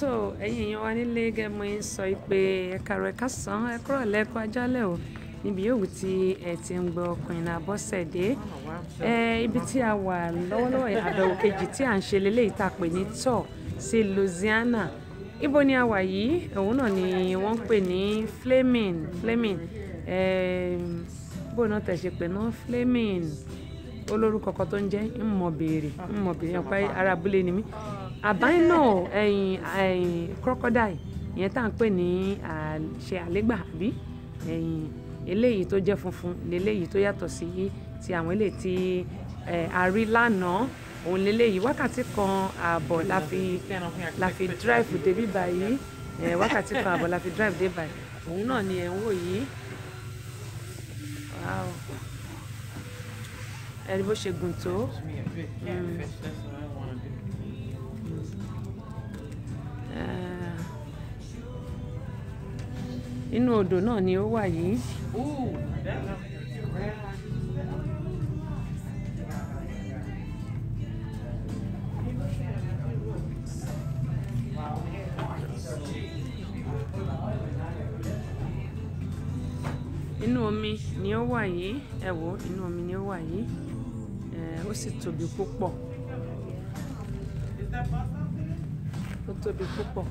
so ẹ̀yin èèyàn wa nílé gẹ́gẹ́ mo ń sọ pé ẹ̀ka rẹ̀ ká sàn án ẹ̀kọ́ rẹ̀ lẹ́kọ́ ajálẹ̀ o níbi yòówù tí ẹ ti ń gbọ́ Queen Abọ́sẹ̀dé ẹ ibi tí a wà lọ́wọ́lọ́wọ́ àbẹ̀wò kejì tí à ń ṣe lélẹ́yìí tá ní tọ̀ sí Louisiana ibo ni a wà yìí òun náà ni wọ́n ń pè ní Fleming Fleming bóun náà tẹ̀sí pé náà Fleming olórúkọ kan tó ń jẹ́ ń mọ̀ béèrè ń béèrè ọ̀pẹ́ ara abúlé ni mí àbáyé náà ẹ̀yìn ẹ̀yìn crocodile ìyẹn tá à ń pè ní ṣe àlégbà àbí ẹ̀yìn eléyìí tó jẹ́ funfun leléyìí tó yàtọ̀ sí ti àwọn eléyìí tí a rí lánàá òun leléyìí wákàtí kan ààbọ̀ la fi la fi drive débí báyìí wákàtí kan ààbọ̀ la fi drive dé báyìí òun náà ni ẹ̀ ń wò yìí. ẹ̀rí bó ṣe gùn tó. Hmm. Eh, inú odò náà ni ó wà yìí. inú omi ni ó wà yìí ẹ wò inú omi ni ó wà yìí. Eh, ó sì tóbi púpọ̀ ó tóbi púpọ̀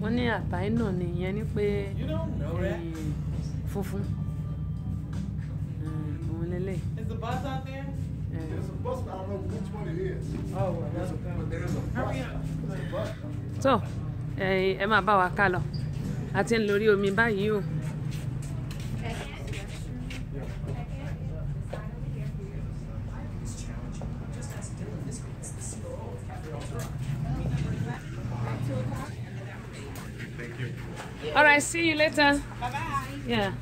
wọ́n ní àbáyé náà ni ìyẹn ni pé eh, funfun eh, òun lélẹ̀. tó ẹ máa bá wa ká lọ a ti ń lórí omi báyìí o. All right, see you later. Bye-bye. Yeah.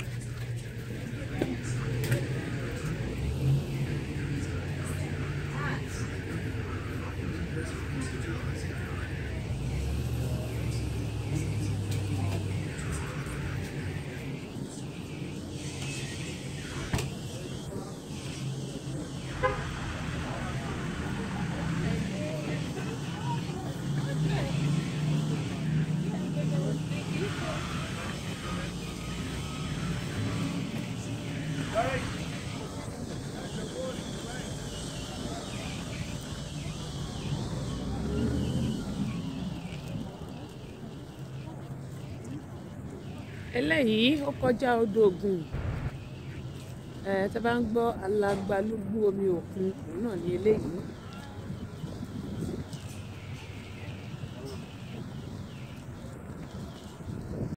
eléyìí ó kọjá odò ogun ẹ tẹ́ bá ń gbọ́ alagbalúgbú omi òkun òun náà ni eléyìí